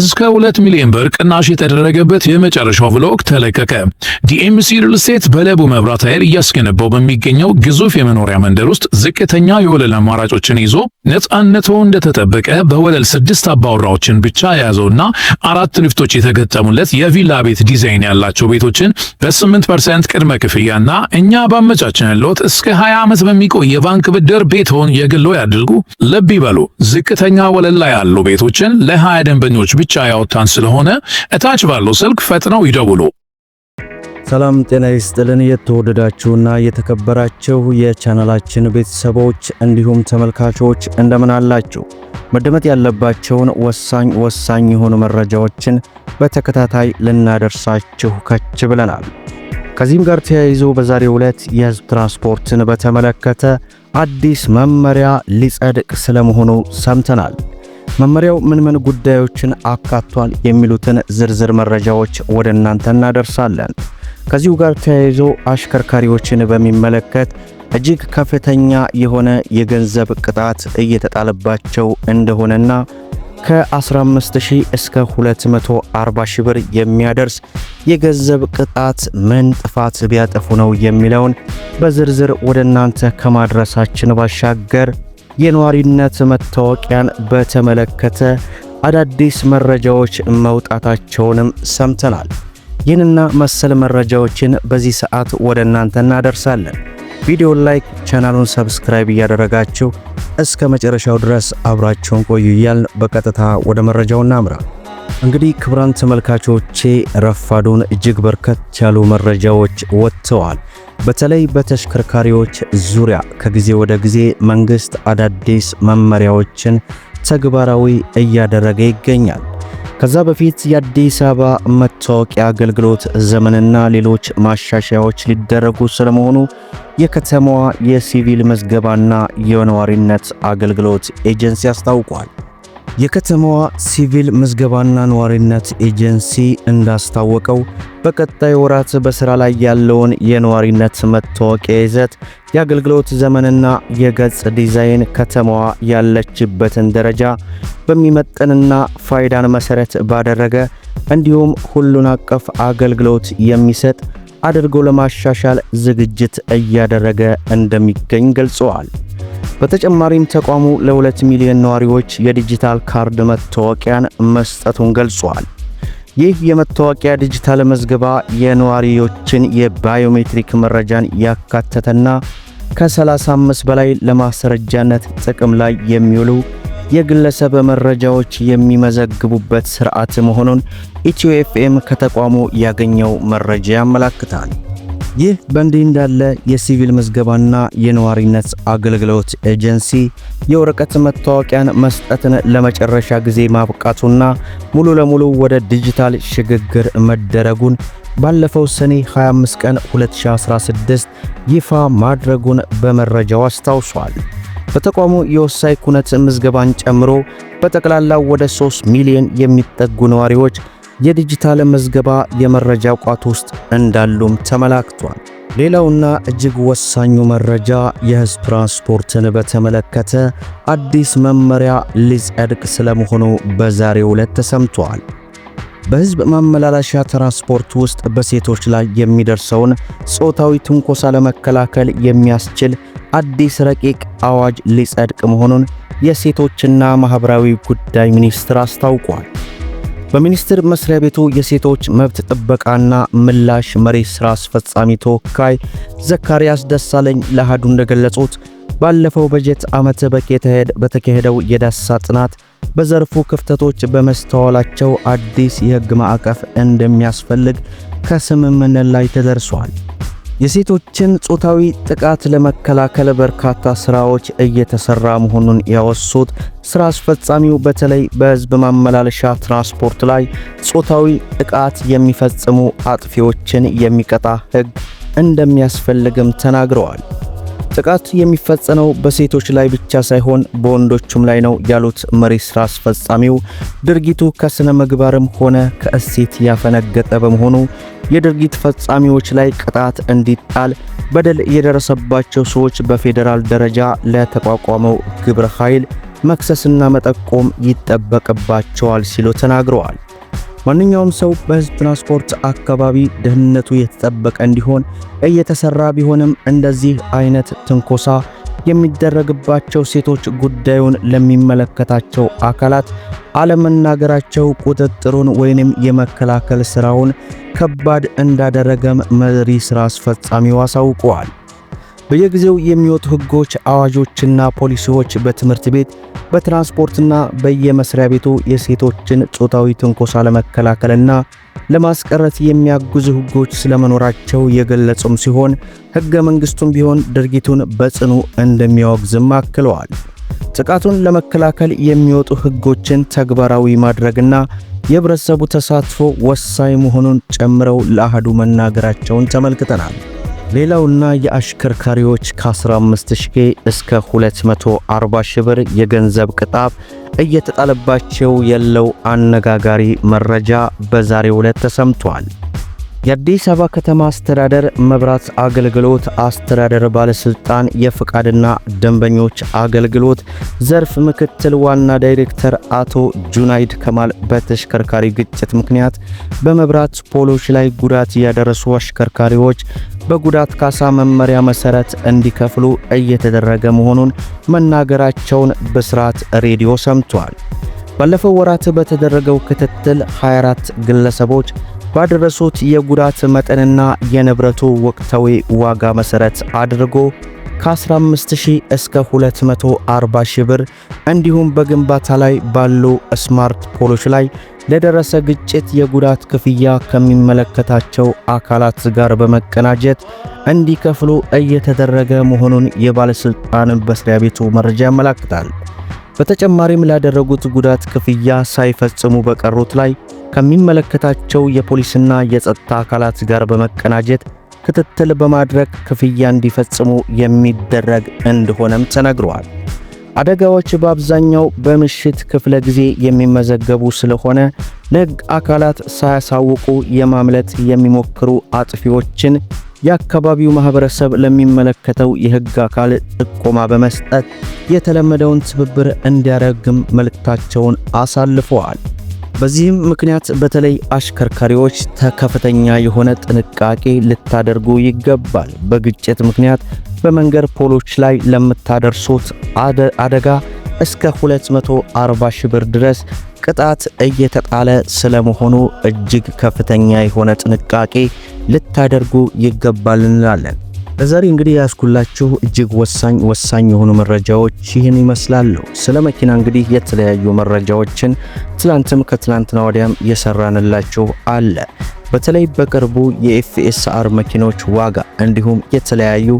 እስከ 2 ሚሊዮን ብር ቅናሽ የተደረገበት የመጨረሻው ብሎክ ተለቀቀ። ዲኤምሲ ሪል ስቴት በለቡ መብራት ኃይል እያስገነባው በሚገኘው ግዙፍ የመኖሪያ መንደር ውስጥ ዝቅተኛ የወለል አማራጮችን ይዞ ነጻነቱ እንደተጠበቀ በወለል ስድስት አባወራዎችን ብቻ የያዘውና አራት ንፍቶች የተገጠሙለት የቪላ ቤት ዲዛይን ያላቸው ቤቶችን በ8 ቅድመ ክፍያና እኛ ባመቻችን ለውጥ እስከ 20 ዓመት በሚቆይ የባንክ ብድር ቤትዎን የግሎ ያድርጉ። ልብ ይበሉ፣ ዝቅተኛ ወለል ላይ ያሉ ቤቶችን ለ20 ደንበኞች ብቻ ያወጣን ስለሆነ እታች ባለው ስልክ ፈጥነው ይደውሉ። ሰላም ጤና ይስጥልን። የተወደዳችሁና የተከበራችሁ የቻናላችን ቤተሰቦች እንዲሁም ተመልካቾች እንደምን አላችሁ? መደመጥ ያለባቸውን ወሳኝ ወሳኝ የሆኑ መረጃዎችን በተከታታይ ልናደርሳችሁ ከች ብለናል። ከዚህም ጋር ተያይዞ በዛሬው ዕለት የህዝብ ትራንስፖርትን በተመለከተ አዲስ መመሪያ ሊጸድቅ ስለመሆኑ ሰምተናል። መመሪያው ምን ምን ጉዳዮችን አካቷል የሚሉትን ዝርዝር መረጃዎች ወደ እናንተ እናደርሳለን። ከዚሁ ጋር ተያይዞ አሽከርካሪዎችን በሚመለከት እጅግ ከፍተኛ የሆነ የገንዘብ ቅጣት እየተጣለባቸው እንደሆነና ከ15000 እስከ 240000 ብር የሚያደርስ የገንዘብ ቅጣት ምን ጥፋት ቢያጠፉ ነው የሚለውን በዝርዝር ወደ እናንተ ከማድረሳችን ባሻገር የነዋሪነት መታወቂያን በተመለከተ አዳዲስ መረጃዎች መውጣታቸውንም ሰምተናል። ይህንና መሰል መረጃዎችን በዚህ ሰዓት ወደ እናንተ እናደርሳለን። ቪዲዮን ላይክ፣ ቻናሉን ሰብስክራይብ እያደረጋችሁ እስከ መጨረሻው ድረስ አብራችሁን ቆዩ እያልን በቀጥታ ወደ መረጃው እናምራ። እንግዲህ ክቡራን ተመልካቾቼ ረፋዱን እጅግ በርከት ያሉ መረጃዎች ወጥተዋል። በተለይ በተሽከርካሪዎች ዙሪያ ከጊዜ ወደ ጊዜ መንግስት አዳዲስ መመሪያዎችን ተግባራዊ እያደረገ ይገኛል። ከዛ በፊት የአዲስ አበባ መታወቂያ አገልግሎት ዘመንና ሌሎች ማሻሻያዎች ሊደረጉ ስለመሆኑ የከተማዋ የሲቪል ምዝገባና የነዋሪነት አገልግሎት ኤጀንሲ አስታውቋል። የከተማዋ ሲቪል ምዝገባና ነዋሪነት ኤጀንሲ እንዳስታወቀው በቀጣይ ወራት በሥራ ላይ ያለውን የነዋሪነት መታወቂያ ይዘት፣ የአገልግሎት ዘመንና የገጽ ዲዛይን ከተማዋ ያለችበትን ደረጃ በሚመጥንና ፋይዳን መሰረት ባደረገ እንዲሁም ሁሉን አቀፍ አገልግሎት የሚሰጥ አድርጎ ለማሻሻል ዝግጅት እያደረገ እንደሚገኝ ገልጸዋል። በተጨማሪም ተቋሙ ለሁለት ሚሊዮን ነዋሪዎች የዲጂታል ካርድ መታወቂያን መስጠቱን ገልጿል። ይህ የመታወቂያ ዲጂታል መዝገባ የነዋሪዎችን የባዮሜትሪክ መረጃን ያካተተና ከ35 በላይ ለማስረጃነት ጥቅም ላይ የሚውሉ የግለሰብ መረጃዎች የሚመዘግቡበት ስርዓት መሆኑን ኢትዮ ኤፍኤም ከተቋሙ ያገኘው መረጃ ያመላክታል። ይህ በእንዲህ እንዳለ የሲቪል ምዝገባና የነዋሪነት አገልግሎት ኤጀንሲ የወረቀት መታወቂያን መስጠትን ለመጨረሻ ጊዜ ማብቃቱና ሙሉ ለሙሉ ወደ ዲጂታል ሽግግር መደረጉን ባለፈው ሰኔ 25 ቀን 2016 ይፋ ማድረጉን በመረጃው አስታውሷል። በተቋሙ የወሳኝ ኩነት ምዝገባን ጨምሮ በጠቅላላው ወደ 3 ሚሊዮን የሚጠጉ ነዋሪዎች የዲጂታል ምዝገባ የመረጃ ቋት ውስጥ እንዳሉም ተመላክቷል። ሌላውና እጅግ ወሳኙ መረጃ የህዝብ ትራንስፖርትን በተመለከተ አዲስ መመሪያ ሊጸድቅ ስለመሆኑ በዛሬው ዕለት ተሰምቷል። በህዝብ ማመላለሻ ትራንስፖርት ውስጥ በሴቶች ላይ የሚደርሰውን ጾታዊ ትንኮሳ ለመከላከል የሚያስችል አዲስ ረቂቅ አዋጅ ሊጸድቅ መሆኑን የሴቶችና ማኅበራዊ ጉዳይ ሚኒስቴር አስታውቋል። በሚኒስቴር መስሪያ ቤቱ የሴቶች መብት ጥበቃና ምላሽ መሪ ስራ አስፈጻሚ ተወካይ ዘካሪያስ ደሳለኝ ለአሃዱ እንደገለጹት ባለፈው በጀት ዓመት በተካሄደው የዳሰሳ ጥናት በዘርፉ ክፍተቶች በመስተዋላቸው አዲስ የሕግ ማዕቀፍ እንደሚያስፈልግ ከስምምነት ላይ ተደርሷል። የሴቶችን ጾታዊ ጥቃት ለመከላከል በርካታ ስራዎች እየተሰራ መሆኑን ያወሱት ስራ አስፈጻሚው በተለይ በህዝብ ማመላለሻ ትራንስፖርት ላይ ጾታዊ ጥቃት የሚፈጽሙ አጥፊዎችን የሚቀጣ ህግ እንደሚያስፈልግም ተናግረዋል። ጥቃት የሚፈጸመው በሴቶች ላይ ብቻ ሳይሆን በወንዶችም ላይ ነው ያሉት መሪ ስራ አስፈጻሚው ድርጊቱ ከስነ ምግባርም ሆነ ከእሴት ያፈነገጠ በመሆኑ የድርጊት ፈጻሚዎች ላይ ቅጣት እንዲጣል በደል የደረሰባቸው ሰዎች በፌዴራል ደረጃ ለተቋቋመው ግብረ ኃይል መክሰስና መጠቆም ይጠበቅባቸዋል ሲሉ ተናግረዋል። ማንኛውም ሰው በህዝብ ትራንስፖርት አካባቢ ደህንነቱ የተጠበቀ እንዲሆን እየተሰራ ቢሆንም እንደዚህ አይነት ትንኮሳ የሚደረግባቸው ሴቶች ጉዳዩን ለሚመለከታቸው አካላት አለመናገራቸው ቁጥጥሩን ወይንም የመከላከል ስራውን ከባድ እንዳደረገም መሪ ስራ አስፈጻሚው አሳውቀዋል። በየጊዜው የሚወጡ ህጎች አዋጆችና ፖሊሲዎች በትምህርት ቤት፣ በትራንስፖርትና በየመስሪያ ቤቱ የሴቶችን ጾታዊ ትንኮሳ ለመከላከልና ለማስቀረት የሚያግዙ ህጎች ስለመኖራቸው የገለጹም ሲሆን ህገ መንግስቱም ቢሆን ድርጊቱን በጽኑ እንደሚያወግዝም አክለዋል። ጥቃቱን ለመከላከል የሚወጡ ህጎችን ተግባራዊ ማድረግና የህብረተሰቡ ተሳትፎ ወሳኝ መሆኑን ጨምረው ለአህዱ መናገራቸውን ተመልክተናል። ሌላውና የአሽከርካሪዎች ከ15000 እስከ 240 ሺህ ብር የገንዘብ ቅጣት እየተጣለባቸው ያለው አነጋጋሪ መረጃ በዛሬው ዕለት ተሰምቷል። የአዲስ አበባ ከተማ አስተዳደር መብራት አገልግሎት አስተዳደር ባለስልጣን የፈቃድና ደንበኞች አገልግሎት ዘርፍ ምክትል ዋና ዳይሬክተር አቶ ጁናይድ ከማል በተሽከርካሪ ግጭት ምክንያት በመብራት ፖሎች ላይ ጉዳት ያደረሱ አሽከርካሪዎች በጉዳት ካሳ መመሪያ መሰረት እንዲከፍሉ እየተደረገ መሆኑን መናገራቸውን ብስራት ሬዲዮ ሰምቷል። ባለፈው ወራት በተደረገው ክትትል 24 ግለሰቦች ባደረሱት የጉዳት መጠንና የንብረቱ ወቅታዊ ዋጋ መሠረት አድርጎ ከ15000 እስከ 240 ብር እንዲሁም በግንባታ ላይ ባሉ ስማርት ፖሎች ላይ ለደረሰ ግጭት የጉዳት ክፍያ ከሚመለከታቸው አካላት ጋር በመቀናጀት እንዲከፍሉ እየተደረገ መሆኑን የባለስልጣን መስሪያ ቤቱ መረጃ ያመለክታል። በተጨማሪም ላደረጉት ጉዳት ክፍያ ሳይፈጽሙ በቀሩት ላይ ከሚመለከታቸው የፖሊስና የጸጥታ አካላት ጋር በመቀናጀት ክትትል በማድረግ ክፍያ እንዲፈጽሙ የሚደረግ እንደሆነም ተነግሯል። አደጋዎች በአብዛኛው በምሽት ክፍለ ጊዜ የሚመዘገቡ ስለሆነ ለሕግ አካላት ሳያሳውቁ የማምለጥ የሚሞክሩ አጥፊዎችን የአካባቢው ማህበረሰብ ለሚመለከተው የሕግ አካል ጥቆማ በመስጠት የተለመደውን ትብብር እንዲያደርግም መልእክታቸውን አሳልፈዋል። በዚህም ምክንያት በተለይ አሽከርካሪዎች ከፍተኛ የሆነ ጥንቃቄ ልታደርጉ ይገባል። በግጭት ምክንያት በመንገድ ፖሎች ላይ ለምታደርሱት አደጋ እስከ 240 ሺህ ብር ድረስ ቅጣት እየተጣለ ስለመሆኑ እጅግ ከፍተኛ የሆነ ጥንቃቄ ልታደርጉ ይገባል እንላለን። ለዛሬ እንግዲህ ያስኩላችሁ እጅግ ወሳኝ ወሳኝ የሆኑ መረጃዎች ይህን ይመስላሉ። ስለ መኪና እንግዲህ የተለያዩ መረጃዎችን ትላንትም ከትላንትና ወዲያም የሰራንላችሁ አለ። በተለይ በቅርቡ የኤፍኤስአር መኪኖች ዋጋ እንዲሁም የተለያዩ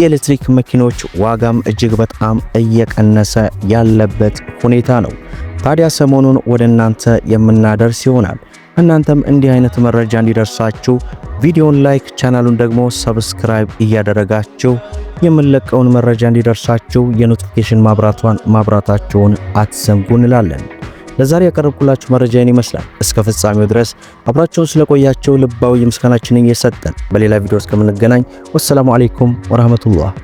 የኤሌክትሪክ መኪኖች ዋጋም እጅግ በጣም እየቀነሰ ያለበት ሁኔታ ነው። ታዲያ ሰሞኑን ወደ እናንተ የምናደርስ ይሆናል። እናንተም እንዲህ አይነት መረጃ እንዲደርሳችሁ ቪዲዮን ላይክ፣ ቻናሉን ደግሞ ሰብስክራይብ እያደረጋችሁ የምንለቀውን መረጃ እንዲደርሳችሁ የኖቲፊኬሽን ማብራቷን ማብራታችሁን አትዘንጉ እንላለን። ለዛሬ ያቀረብኩላችሁ መረጃ ይህን ይመስላል። እስከ ፍጻሜው ድረስ አብራችሁን ስለቆያችሁ ልባዊ ምስጋናችንን እየሰጠን በሌላ ቪዲዮ እስከምንገናኝ ወሰላሙ አሌይኩም ወራህመቱላህ